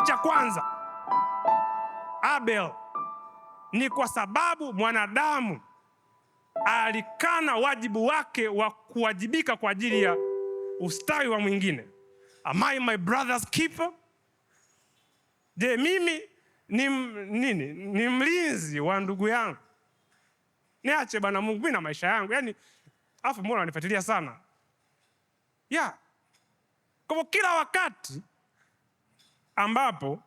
Kifo cha kwanza Abel ni kwa sababu mwanadamu alikana wajibu wake wa kuwajibika kwa ajili ya ustawi wa mwingine. Am I my brother's keeper? Je, mimi ni nini? Ni mlinzi wa ndugu yangu? Niache bwana Mungu, mimi na maisha yangu. Yaani afu mbona wanifuatilia sana ya yeah. Kwa kila wakati ambapo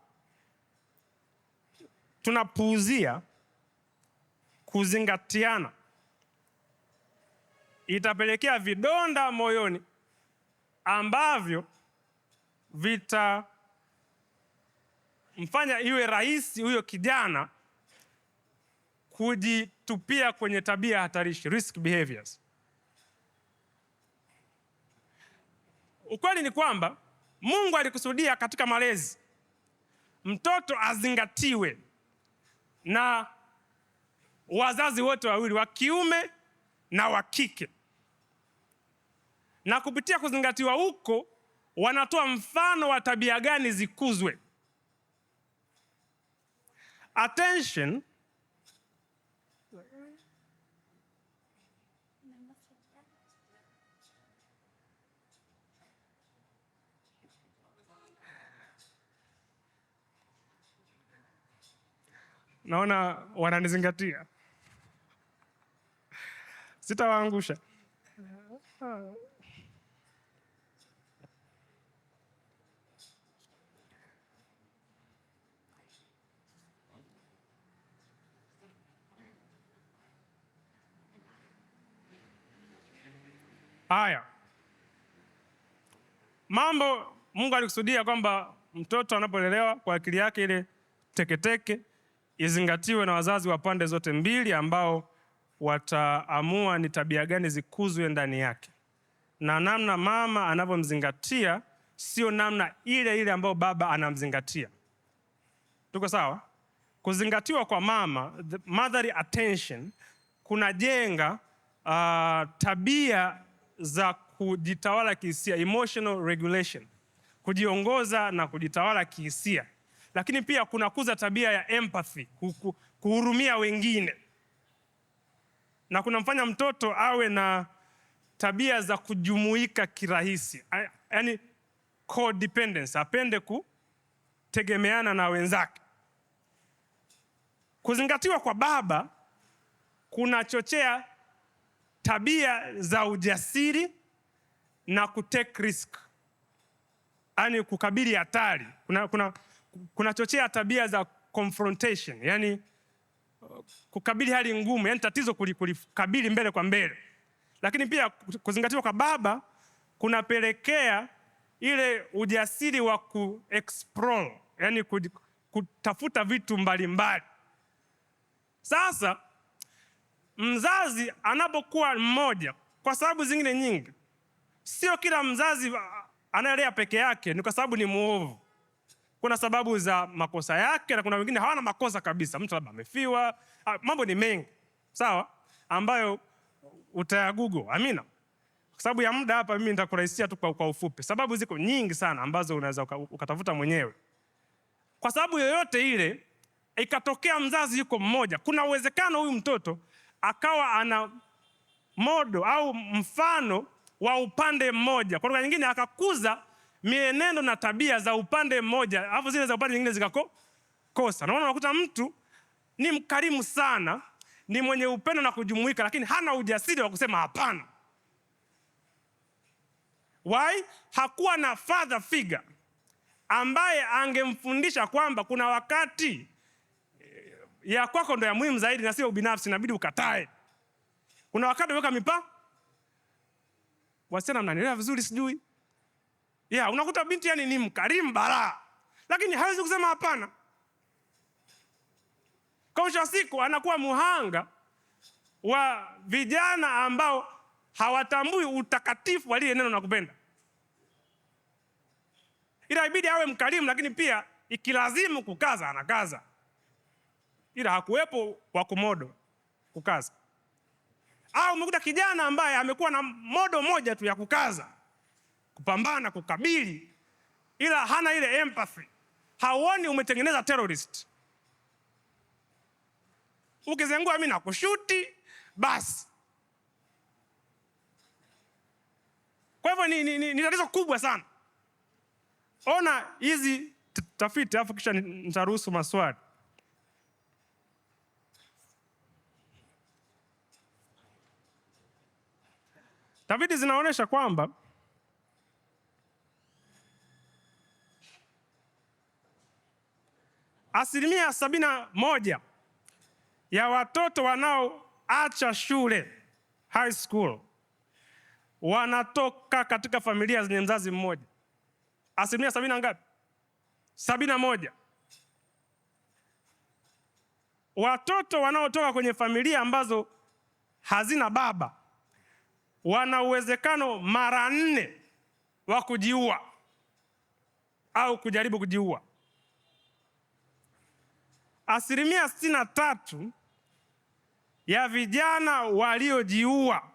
tunapuuzia kuzingatiana, itapelekea vidonda moyoni ambavyo vitamfanya iwe rahisi huyo kijana kujitupia kwenye tabia hatarishi, risk behaviors. Ukweli ni kwamba Mungu alikusudia katika malezi mtoto azingatiwe na wazazi wote wawili wa kiume na wa kike, na kupitia kuzingatiwa huko wanatoa mfano wa tabia gani zikuzwe. Attention, Naona wananizingatia, sitawaangusha. Haya mambo Mungu alikusudia kwamba mtoto anapolelewa kwa akili yake ile teketeke izingatiwe na wazazi wa pande zote mbili ambao wataamua ni tabia gani zikuzwe ndani yake, na namna mama anavyomzingatia sio namna ile ile ambayo baba anamzingatia. Tuko sawa? Kuzingatiwa kwa mama, the motherly attention, kunajenga uh, tabia za kujitawala kihisia, emotional regulation, kujiongoza na kujitawala kihisia lakini pia kunakuza tabia ya empathy, kuhurumia wengine, na kunamfanya mtoto awe na tabia za kujumuika kirahisi, yani codependence, apende kutegemeana na wenzake. Kuzingatiwa kwa baba kunachochea tabia za ujasiri na kutake risk, yani kukabili hatari. Kuna, kuna, kunachochea tabia za confrontation, yani kukabili hali ngumu, yani tatizo kulikabili mbele kwa mbele. Lakini pia kuzingatiwa kwa baba kunapelekea ile ujasiri wa ku yani kutafuta vitu mbalimbali. Sasa mzazi anapokuwa mmoja, kwa sababu zingine nyingi, sio kila mzazi anayelea peke yake ni kwa sababu ni muovu kuna sababu za makosa yake, na kuna wengine hawana makosa kabisa. Mtu labda amefiwa, ah, mambo ni mengi sawa, ambayo utayagugo. Amina. Kwa sababu ya muda hapa, mimi nitakurahisishia tu kwa ufupi. Sababu ziko nyingi sana ambazo unaweza ukatafuta mwenyewe. Kwa sababu yoyote ile, ikatokea mzazi yuko mmoja, kuna uwezekano huyu mtoto akawa ana modo au mfano wa upande mmoja, kwa lugha nyingine akakuza mienendo na tabia za upande mmoja, alafu zile za upande nyingine zikakosa. Naona unakuta mtu ni mkarimu sana, ni mwenye upendo na kujumuika, lakini hana ujasiri wa kusema hapana. Why? hakuwa na father figure ambaye angemfundisha kwamba kuna wakati eh, ya kwako ndo ya muhimu zaidi na sio ubinafsi, inabidi ukatae. Kuna wakati weka mipa. Wasichana, mnanielewa vizuri sijui? yeah, unakuta binti yani ni mkarimu balaa, lakini hawezi kusema hapana. Kwa wa siku anakuwa muhanga wa vijana ambao hawatambui utakatifu wa lile neno na kupenda, ila ibidi awe mkarimu, lakini pia ikilazimu kukaza anakaza, ila hakuwepo wa kumodo kukaza. Au umekuta kijana ambaye amekuwa na modo moja tu ya kukaza kupambana, kukabili, ila hana ile empathy. Hauoni umetengeneza terrorist. Ukizengua mimi nakushuti basi. Kwa hivyo ni, ni, ni, ni tatizo kubwa sana. Ona hizi tafiti afu kisha nitaruhusu maswali. Tafiti zinaonyesha kwamba Asilimia sabini na moja ya watoto wanaoacha shule high school wanatoka katika familia zenye mzazi mmoja. Asilimia sabini na ngapi? Sabini na moja. Watoto wanaotoka kwenye familia ambazo hazina baba wana uwezekano mara nne wa kujiua au kujaribu kujiua asilimia sitini na tatu ya vijana waliojiua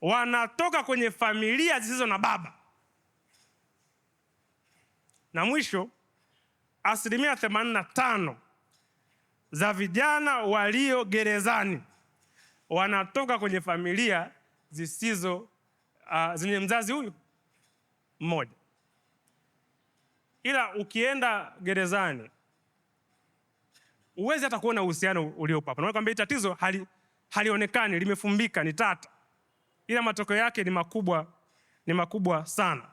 wanatoka kwenye familia zisizo na baba, na mwisho asilimia themanini na tano za vijana walio gerezani wanatoka kwenye familia zisizo uh, zenye mzazi huyu mmoja. Ila ukienda gerezani uwezi hata kuona uhusiano uliopo hapa. Naona kwamba tatizo hali, halionekani limefumbika, ni tata, ila matokeo yake ni makubwa, ni makubwa sana.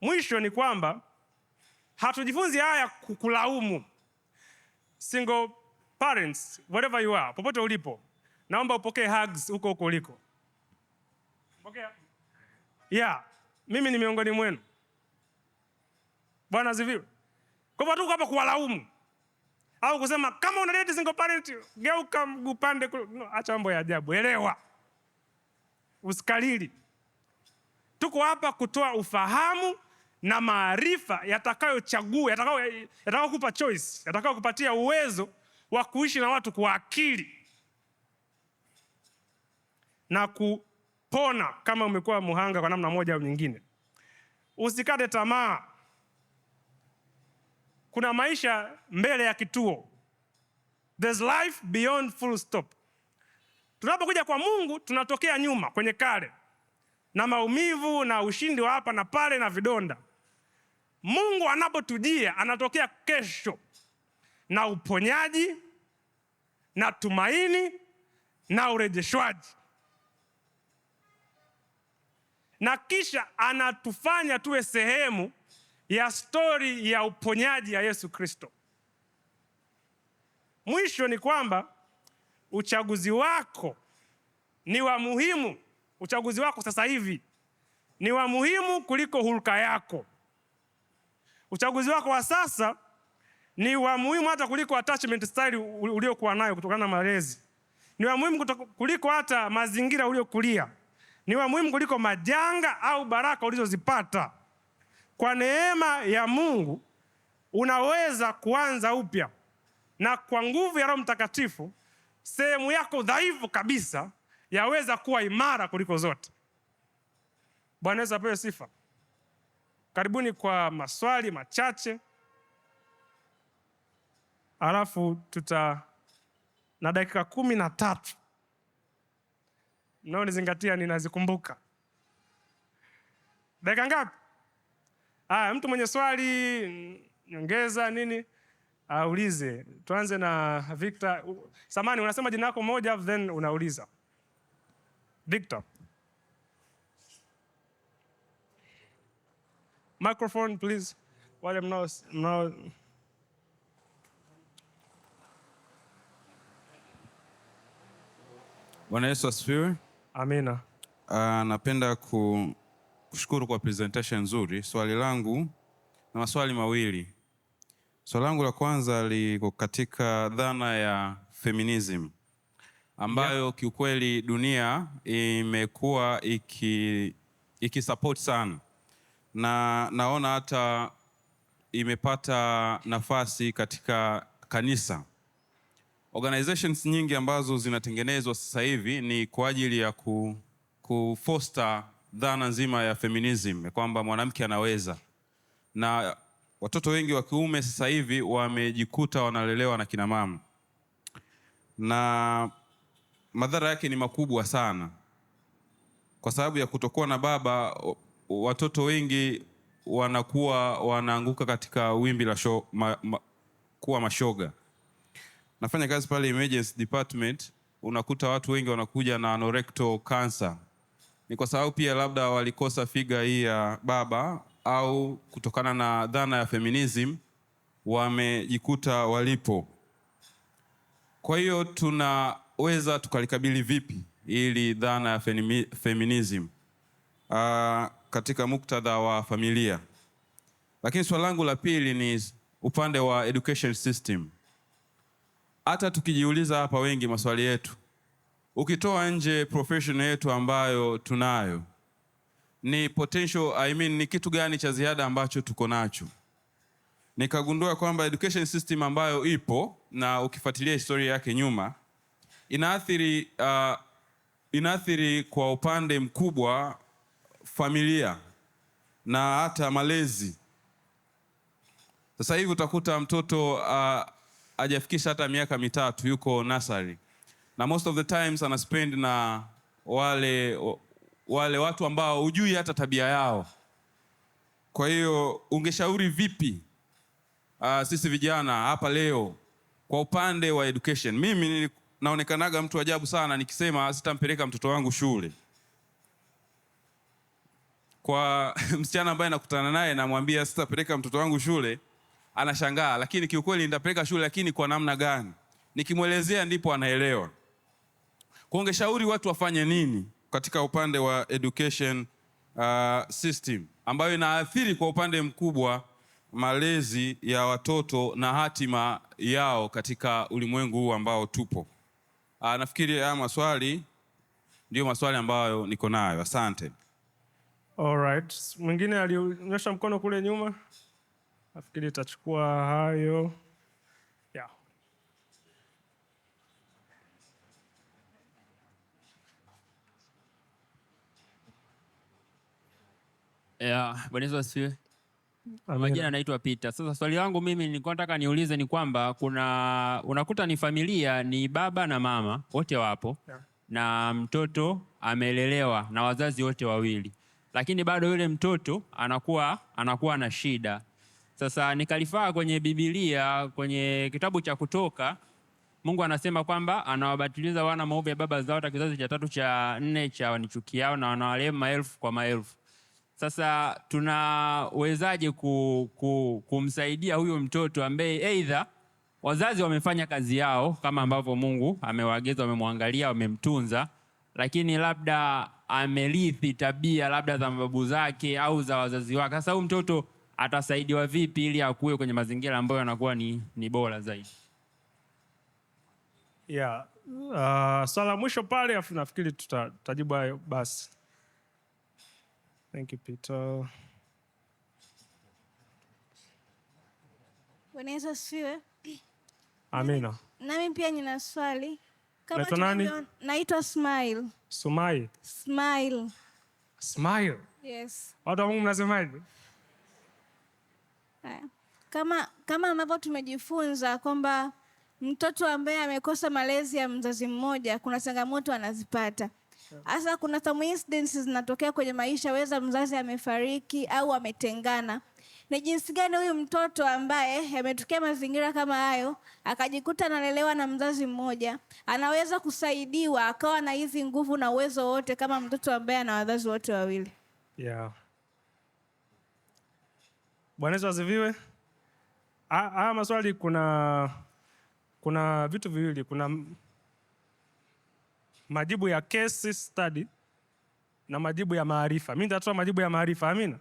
Mwisho ni kwamba hatujifunzi haya kulaumu. Single parents, whatever you are, popote ulipo, naomba upokee hugs huko huko uliko. Pokea. Yeah, mimi ni miongoni mwenu. Bwana ziviwe. Kwa hivyo tuko hapa kuwalaumu au kusema kama una date single parent geuka mguu pande no, acha mambo ya ajabu. Elewa, usikalili. Tuko hapa kutoa ufahamu na maarifa yatakayochagua yatakao yatakayokupa choice yatakayokupatia uwezo wa kuishi na watu kwa akili na kupona kama umekuwa muhanga kwa namna moja au nyingine. Usikate tamaa kuna maisha mbele ya kituo. There's life beyond full stop. Tunapokuja kwa Mungu tunatokea nyuma kwenye kale na maumivu na ushindi wa hapa na pale na vidonda. Mungu anapotujia anatokea kesho na uponyaji na tumaini na urejeshwaji, na kisha anatufanya tuwe sehemu ya stori ya uponyaji ya Yesu Kristo. Mwisho ni kwamba uchaguzi wako ni wa muhimu. Uchaguzi wako sasa hivi ni wa muhimu kuliko hulka yako. Uchaguzi wako wa sasa ni wa muhimu hata kuliko attachment style uliokuwa nayo kutokana na malezi. Ni wa muhimu kuliko hata mazingira uliokulia. Ni wa muhimu kuliko majanga au baraka ulizozipata. Kwa neema ya Mungu unaweza kuanza upya, na kwa nguvu ya Roho Mtakatifu sehemu yako dhaifu kabisa yaweza kuwa imara kuliko zote. Bwana Yesu apewe sifa. Karibuni kwa maswali machache, alafu tuta na dakika kumi na tatu mnaonizingatia ninazikumbuka. Dakika ngapi? Ah, mtu mwenye swali nyongeza nini aulize. Tuanze na Victor. Samani, unasema jina lako moja then unauliza. Victor. Microphone please. Wale mnao mnao Bwana Yesu asifiwe. Amina. Uh, napenda ku kushukuru kwa presentation nzuri. Swali langu na maswali mawili. Swali langu la kwanza liko katika dhana ya feminism ambayo yeah, kiukweli dunia imekuwa iki ikisupport sana na naona hata imepata nafasi katika kanisa. Organizations nyingi ambazo zinatengenezwa sasa hivi ni kwa ajili ya ku, foster dhana nzima ya feminism kwamba mwanamke anaweza, na watoto wengi wa kiume sasa hivi wamejikuta wanalelewa na kina mama, na madhara yake ni makubwa sana, kwa sababu ya kutokuwa na baba. Watoto wengi wanakuwa wanaanguka katika wimbi la ma, ma, kuwa mashoga. Nafanya kazi pale emergency department, unakuta watu wengi wanakuja na anorecto cancer ni kwa sababu pia labda walikosa figa hii ya baba, au kutokana na dhana ya feminism wamejikuta walipo. Kwa hiyo tunaweza tukalikabili vipi ili dhana ya feminism uh, katika muktadha wa familia? Lakini swali langu la pili ni upande wa education system. Hata tukijiuliza hapa wengi maswali yetu Ukitoa nje profession yetu ambayo tunayo ni potential, I mean, ni kitu gani cha ziada ambacho tuko nacho? Nikagundua kwamba education system ambayo ipo na ukifuatilia historia yake nyuma inaathiri, uh, inaathiri kwa upande mkubwa familia na hata malezi. Sasa hivi utakuta mtoto uh, ajafikisha hata miaka mitatu yuko nasari na most of the times ana spend na wale wale watu ambao hujui hata tabia yao. Kwa hiyo ungeshauri vipi uh, sisi vijana hapa leo kwa upande wa education? Mimi naonekanaga mtu ajabu sana nikisema sitampeleka mtoto wangu shule. Kwa msichana ambaye nakutana naye namwambia sitapeleka mtoto wangu shule, anashangaa, lakini kiukweli nitapeleka shule, lakini kwa namna gani? Nikimwelezea ndipo anaelewa kuongeshauri watu wafanye nini katika upande wa education uh, system ambayo inaathiri kwa upande mkubwa malezi ya watoto na hatima yao katika ulimwengu huu ambao tupo? Uh, nafikiri haya maswali ndiyo maswali ambayo niko nayo. Asante. right. mwingine alionyesha mkono kule nyuma, nafikiri itachukua hayo. Yeah, Bwana Yesu asifiwe. Majina naitwa Peter. Sasa swali langu mimi nilikuwa nataka niulize ni kwamba kuna unakuta ni familia ni baba na mama wote wapo yeah, na mtoto amelelewa na wazazi wote wawili, lakini bado yule mtoto anakuwa anakuwa na shida. Sasa nikalifaa kwenye Biblia kwenye kitabu cha Kutoka, Mungu anasema kwamba anawabatiliza wana maovu ya baba zao hata kizazi cha tatu cha nne cha wanichukiao na wanawarehemu maelfu kwa maelfu sasa tunawezaje ku, ku, kumsaidia huyo mtoto ambaye eidha wazazi wamefanya kazi yao kama ambavyo Mungu amewaagiza, wamemwangalia, wamemtunza, lakini labda amerithi tabia labda za mababu zake au za wazazi wake. Sasa huyu mtoto atasaidiwa vipi ili akuwe kwenye mazingira ambayo yanakuwa ni, ni bora zaidi? Yeah. Uh, swala mwisho pale afu nafikiri tutajibu hayo basi. Thank you, Peter. Bwana Yesu asifiwe. Amina. Nami pia nina swali. Kama nani? naitwa Smile. Sumai. Smile. Smile. Yes. Watu wa Mungu mnasemaje? Kama kama ambavyo tumejifunza kwamba mtoto ambaye amekosa malezi ya mzazi mmoja kuna changamoto anazipata. Hasa kuna some instances zinatokea kwenye maisha, weza mzazi amefariki au ametengana. Ni jinsi gani huyu mtoto ambaye ametokea mazingira kama hayo akajikuta analelewa na mzazi mmoja anaweza kusaidiwa akawa na hizi nguvu na uwezo wote kama mtoto ambaye ana wazazi wote wawili? Yeah. Bwana Yesu asifiwe. Haya maswali, kuna kuna vitu viwili, kuna majibu ya case study na majibu ya maarifa. Mimi nitatoa majibu ya maarifa, amina.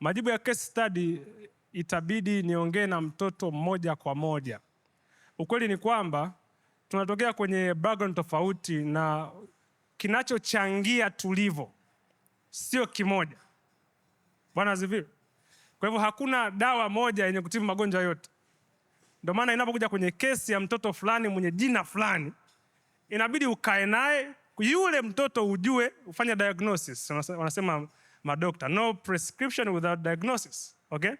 Majibu ya case study itabidi niongee na mtoto moja kwa moja. Ukweli ni kwamba tunatokea kwenye background tofauti na kinachochangia tulivo sio kimoja. Bwana zivile. Kwa hivyo hakuna dawa moja yenye kutibu magonjwa yote. Ndio maana inapokuja kwenye kesi ya mtoto fulani mwenye jina fulani inabidi ukae naye yule mtoto ujue, ufanye diagnosis. Wanasema madokta, no prescription without diagnosis. Okay?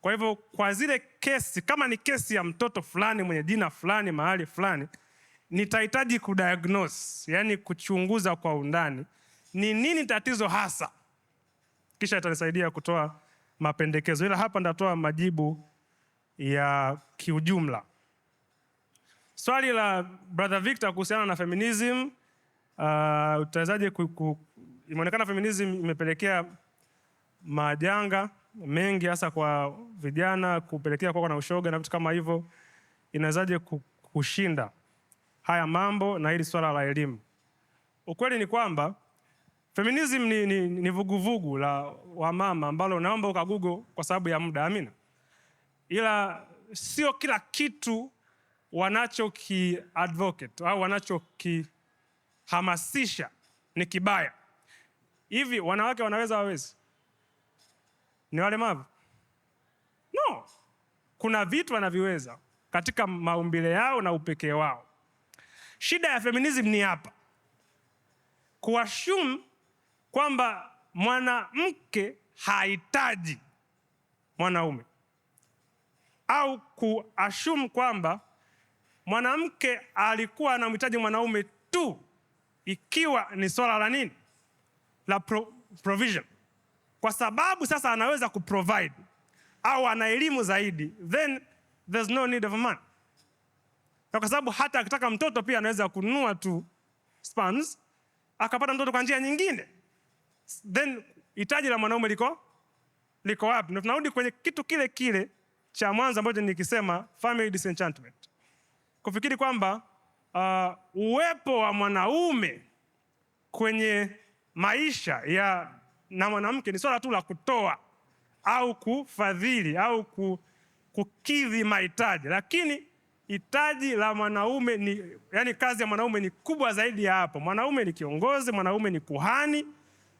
Kwa hivyo kwa zile kesi, kama ni kesi ya mtoto fulani mwenye jina fulani mahali fulani, nitahitaji kudiagnos yani kuchunguza kwa undani ni nini tatizo hasa, kisha itanisaidia kutoa mapendekezo, ila hapa ndatoa majibu ya kiujumla swali la brother Victor kuhusiana na feminism uh, utawezaje ku, imeonekana feminism imepelekea majanga mengi hasa kwa vijana kupelekea kuwa na ushoga na vitu kama hivyo, inawezaje kushinda haya mambo na hili swala la elimu? Ukweli ni kwamba feminism ni, ni, ni vuguvugu la wamama ambalo naomba ukagugo kwa sababu ya muda, amina. Ila sio kila kitu wanachoki advocate au wanachokihamasisha ni kibaya. Hivi wanawake wanaweza wawezi? Ni walemavu? No, kuna vitu wanaviweza katika maumbile yao na upekee wao. Shida ya feminism ni hapa kuashum kwamba mwanamke hahitaji mwanaume au kuashum kwamba mwanamke alikuwa anamhitaji mwanaume tu ikiwa ni swala la nini la pro, provision, kwa sababu sasa anaweza kuprovide au ana elimu zaidi, then there's no need of a man, na kwa sababu hata akitaka mtoto pia anaweza kununua tu spans akapata mtoto kwa njia nyingine, then hitaji la mwanaume liko liko wapi? Na tunarudi kwenye kitu kile kile cha mwanzo ambacho nikisema family disenchantment kufikiri kwamba uh, uwepo wa mwanaume kwenye maisha ya na mwanamke ni swala tu la kutoa au kufadhili au kukidhi mahitaji, lakini hitaji la mwanaume ni yani, kazi ya mwanaume ni kubwa zaidi ya hapo. Mwanaume ni kiongozi, mwanaume ni kuhani,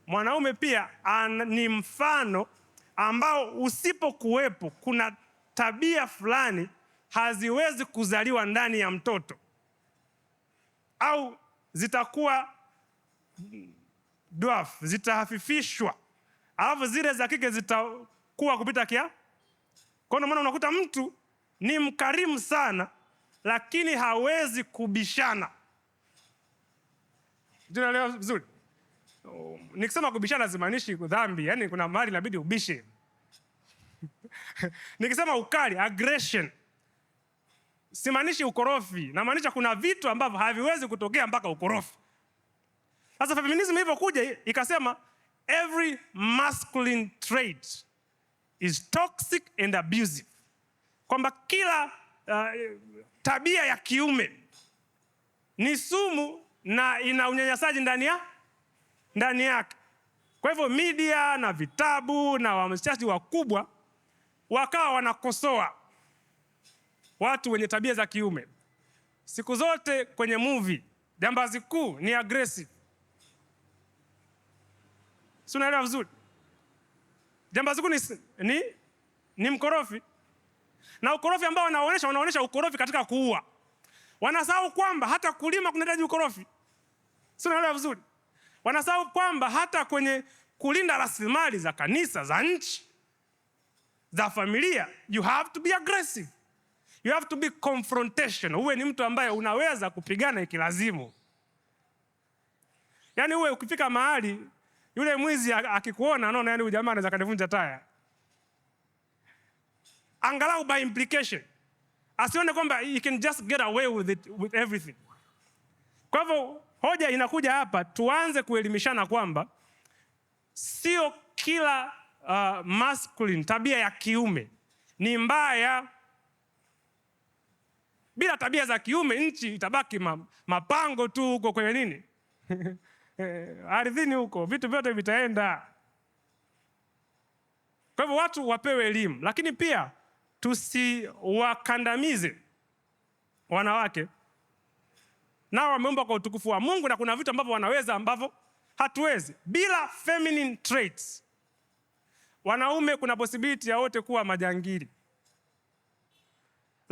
mwanaume pia an, ni mfano ambao usipokuwepo kuna tabia fulani haziwezi kuzaliwa ndani ya mtoto au zitakuwa dwarf, zitahafifishwa, alafu zile za kike zitakuwa kupita kia. Kwa hiyo maana unakuta mtu ni mkarimu sana, lakini hawezi kubishana. Tunaelewa vizuri? Nikisema kubishana zimaanishi dhambi, yani kuna mahali inabidi ubishe. Nikisema ukali, aggression Simaanishi ukorofi, namaanisha kuna vitu ambavyo haviwezi kutokea mpaka ukorofi. Sasa feminism ilivyokuja ikasema every masculine trait is toxic and abusive, kwamba kila uh, tabia ya kiume ni sumu na ina unyanyasaji ndani ya ndani yake. Kwa hivyo media na vitabu na wamasiasi wakubwa wakawa wanakosoa watu wenye tabia za kiume. Siku zote kwenye movie jambazi kuu ni aggressive, si unaelewa vizuri? Jambazi kuu ni, ni, ni mkorofi, na ukorofi ambao wanaonesha wanaonesha ukorofi katika kuua. Wanasahau kwamba hata kulima kunahitaji ukorofi, si unaelewa vizuri? Wanasahau kwamba hata kwenye kulinda rasilimali za kanisa, za nchi, za familia, you have to be aggressive. You have to be confrontational. Uwe ni mtu ambaye unaweza kupigana ikilazimu. Yaani uwe ukifika mahali yule mwizi akikuona anaona yani huyu jamaa anaweza kanivunja taya. Angalau by implication. Asione kwamba you can just get away with it, with everything. Kwa hivyo hoja inakuja hapa, tuanze kuelimishana kwamba sio kila uh, masculine tabia ya kiume ni mbaya. Bila tabia za kiume, nchi itabaki mapango tu huko kwenye nini ardhini huko, vitu vyote vitaenda. Kwa hivyo watu wapewe elimu, lakini pia tusiwakandamize wanawake. Nao wameumba kwa utukufu wa Mungu, na kuna vitu ambavyo wanaweza ambavyo hatuwezi. Bila feminine traits, wanaume kuna posibiliti ya wote kuwa majangili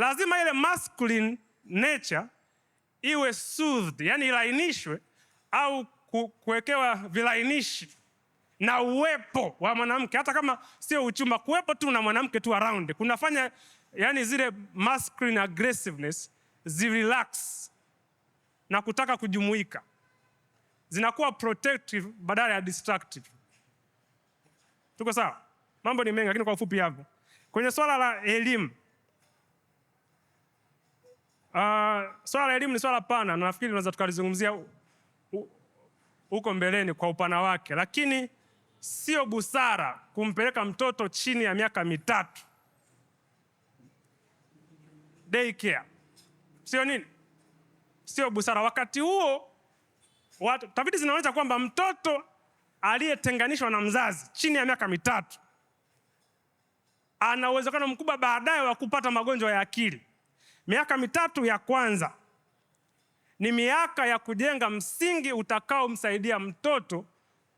lazima ile masculine nature iwe soothed, yani ilainishwe au kuwekewa vilainishi na uwepo wa mwanamke, hata kama sio uchumba, kuwepo tu na mwanamke tu around kunafanya yani zile masculine aggressiveness zirelax na kutaka kujumuika, zinakuwa protective badala ya destructive. Tuko sawa? Mambo ni mengi, lakini kwa ufupi hapo kwenye swala la elimu Uh, swala la elimu ni swala pana na nafikiri tunaweza tukalizungumzia huko mbeleni kwa upana wake, lakini sio busara kumpeleka mtoto chini ya miaka mitatu daycare, sio nini, sio busara. Wakati huo watu, tafiti zinaonyesha kwamba mtoto aliyetenganishwa na mzazi chini ya miaka mitatu ana uwezekano mkubwa baadaye wa kupata magonjwa ya akili. Miaka mitatu ya kwanza ni miaka ya kujenga msingi utakaomsaidia mtoto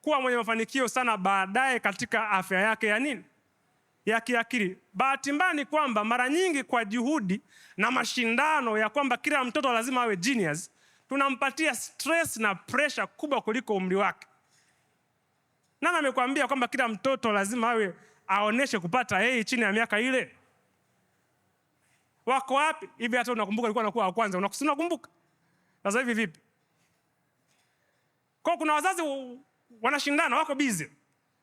kuwa mwenye mafanikio sana baadaye katika afya yake ya nini, ya kiakili. Bahati mbaya ni kwamba mara nyingi kwa juhudi na mashindano ya kwamba kila mtoto lazima awe genius, tunampatia stress na pressure kubwa kuliko umri wake. Nani amekwambia kwamba kila mtoto lazima awe aoneshe kupata A hey, chini ya miaka ile? wako wapi? Hivi hata unakumbuka alikuwa anakuwa wa kwanza, unakumbuka? Sasa hivi vipi? Kwa kuna wazazi wanashindana, wako busy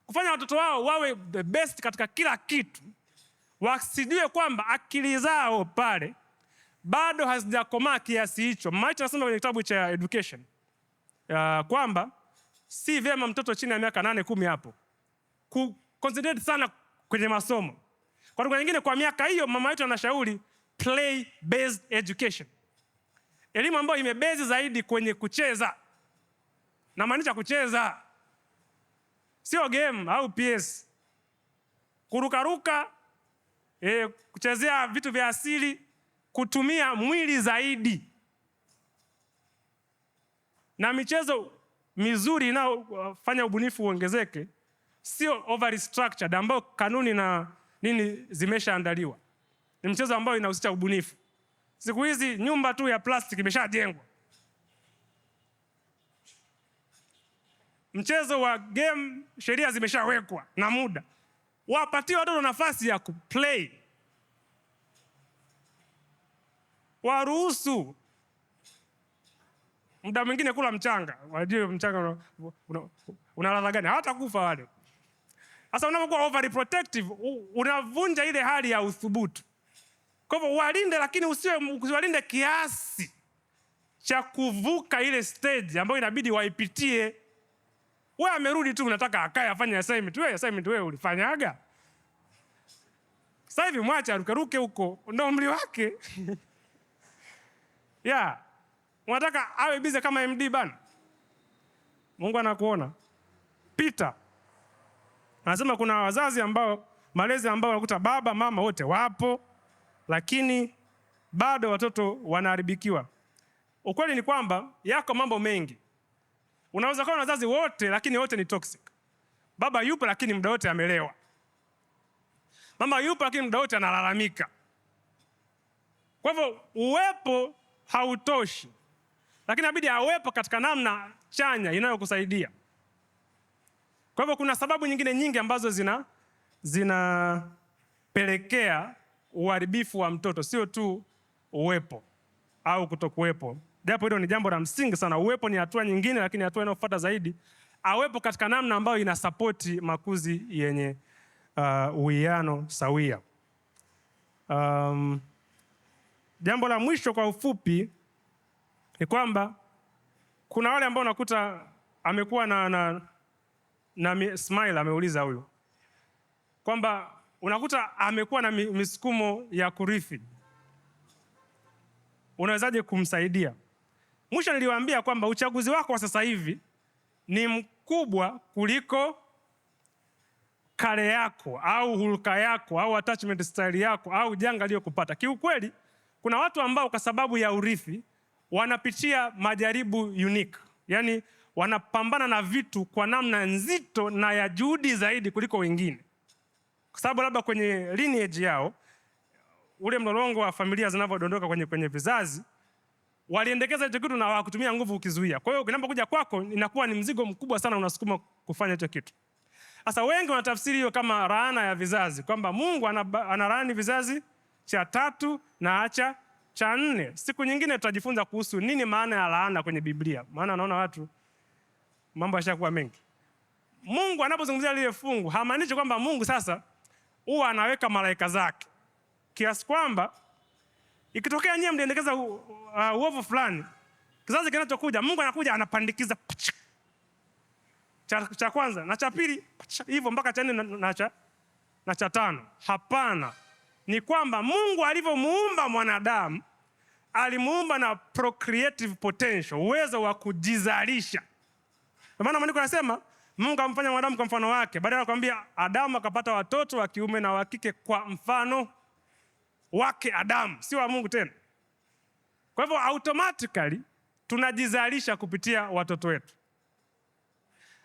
kufanya watoto wao wawe the best katika kila kitu, wasijue kwamba akili zao pale bado hazijakomaa kiasi hicho. Macho anasema kwenye kitabu cha Education uh, kwamba si vyema mtoto chini ya miaka nane kumi hapo ku concentrate sana kwenye masomo. Kwa lugha nyingine, kwa miaka hiyo mama yetu anashauri play based education, elimu ambayo imebezi zaidi kwenye kucheza. Namaanisha kucheza, sio game au PS, kurukaruka e, kuchezea vitu vya asili, kutumia mwili zaidi na michezo mizuri inayofanya ubunifu uongezeke, sio structured, ambayo kanuni na nini zimeshaandaliwa ni mchezo ambao inahusisha ubunifu. Siku hizi nyumba tu ya plastiki imeshajengwa. Mchezo wa game, sheria zimeshawekwa na muda, wapatie watoto nafasi ya kuplay, waruhusu muda mwingine kula mchanga, wajue mchanga una, una, una ladha gani, hawatakufa wale. Sasa unapokuwa overly protective, unavunja ile hali ya uthubutu. Kwa hivyo walinde, lakini usiwe usiwalinde kiasi cha kuvuka ile stage ambayo inabidi waipitie. Wewe amerudi tu unataka akae afanye assignment. Wewe assignment wewe ulifanyaga? Sasa hivi mwache arukeruke huko, ndio umri wake. Yeah. Unataka awe bize kama MD bana. Mungu anakuona. Pita. Anasema kuna wazazi ambao malezi ambao wanakuta baba mama wote wapo lakini bado watoto wanaharibikiwa. Ukweli ni kwamba yako mambo mengi, unaweza kuwa na wazazi wote, lakini wote ni toxic. Baba yupo, lakini muda wote amelewa. Mama yupo, lakini muda wote analalamika. Kwa hivyo uwepo hautoshi, lakini inabidi awepo katika namna chanya inayokusaidia. Kwa hivyo kuna sababu nyingine nyingi ambazo zina zinapelekea uharibifu wa mtoto, sio tu uwepo au kutokuwepo, japo hilo ni jambo la msingi sana. Uwepo ni hatua nyingine, lakini hatua inayofuata zaidi, awepo katika namna ambayo inasapoti makuzi yenye uh, uwiano sawia. Um, jambo la mwisho kwa ufupi ni kwamba kuna wale ambao unakuta amekuwa na, na, na smile ameuliza huyu kwamba unakuta amekuwa na misukumo ya kurithi, unawezaje kumsaidia? Mwisho niliwaambia kwamba uchaguzi wako wa sasa hivi ni mkubwa kuliko kale yako au hulka yako au attachment style yako au janga aliyokupata. Kiukweli, kuna watu ambao kwa sababu ya urithi wanapitia majaribu unique, yani wanapambana na vitu kwa namna nzito na ya juhudi zaidi kuliko wengine kwa sababu labda kwenye lineage yao ule mlolongo wa familia zinavyodondoka kwenye, kwenye vizazi waliendekeza hicho kitu na hawakutumia nguvu ukizuia. Kwa hiyo kinapo kuja kwako inakuwa ni mzigo mkubwa sana unasukuma kufanya hicho kitu. Sasa wengi wanatafsiri hiyo kama laana ya vizazi kwamba Mungu analaani vizazi cha tatu na acha cha nne. Siku nyingine tutajifunza kuhusu nini maana ya laana kwenye Biblia. Maana naona watu mambo yashakuwa mengi. Mungu anapozungumzia lile fungu hamaanishi kwamba Mungu sasa huwa anaweka malaika zake kiasi kwamba ikitokea nyie mliendekeza uh, uovu uh, fulani, kizazi kinachokuja Mungu anakuja anapandikiza cha, cha kwanza na cha pili hivyo mpaka cha nne na, na, cha, na cha tano. Hapana, ni kwamba Mungu alivyomuumba mwanadamu alimuumba na procreative potential, uwezo wa kujizalisha. Ndio maana maandiko yanasema Mungu amfanya mwanadamu kwa mfano wake. Baadaye anakuambia Adamu akapata watoto wa kiume na wa kike kwa mfano wake Adamu, si wa Mungu tena. Kwa hivyo automatically tunajizalisha kupitia watoto wetu,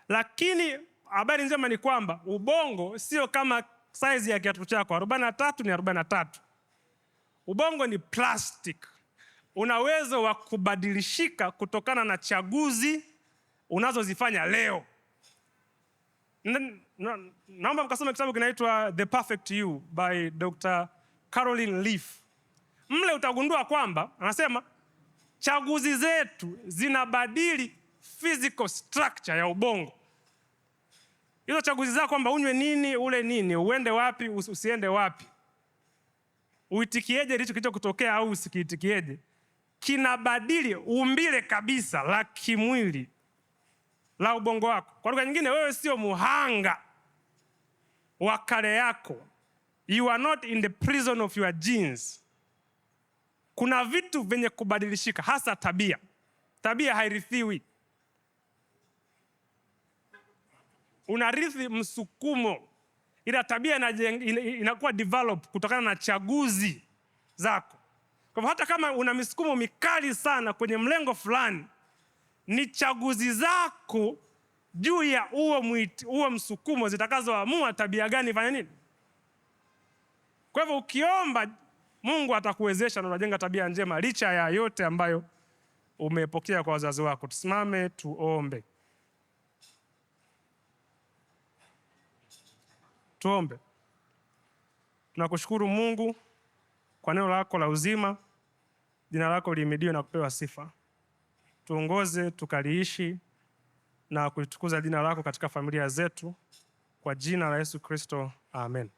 lakini habari njema ni kwamba ubongo sio kama saizi ya kiatu chako, 43 ni 43. Ubongo ni plastic, una uwezo wa kubadilishika kutokana na chaguzi unazozifanya leo. Naomba mkasoma kitabu kinaitwa The Perfect You by Dr. Caroline Leaf. Mle utagundua kwamba anasema chaguzi zetu zinabadili physical structure ya ubongo. Hizo chaguzi zako kwamba unywe nini, ule nini, uende wapi, usiende wapi, uitikieje licho kutokea au usikiitikieje, kinabadili umbile kabisa la kimwili la ubongo wako. Kwa lugha nyingine, wewe sio muhanga wa kale yako, you are not in the prison of your genes. Kuna vitu vyenye kubadilishika, hasa tabia. Tabia hairithiwi, unarithi msukumo, ila tabia inakuwa develop kutokana na chaguzi zako. Kwa hivyo hata kama una misukumo mikali sana kwenye mlengo fulani ni chaguzi zako juu ya huo msukumo zitakazoamua tabia gani fanya nini. Kwa hivyo ukiomba, Mungu atakuwezesha na unajenga tabia njema licha ya yote ambayo umepokea kwa wazazi wako. Tusimame tuombe. Tuombe. Tunakushukuru Mungu kwa neno lako la uzima, jina lako limidiwe na kupewa sifa tuongoze tukaliishi na kulitukuza jina lako katika familia zetu, kwa jina la Yesu Kristo, amen.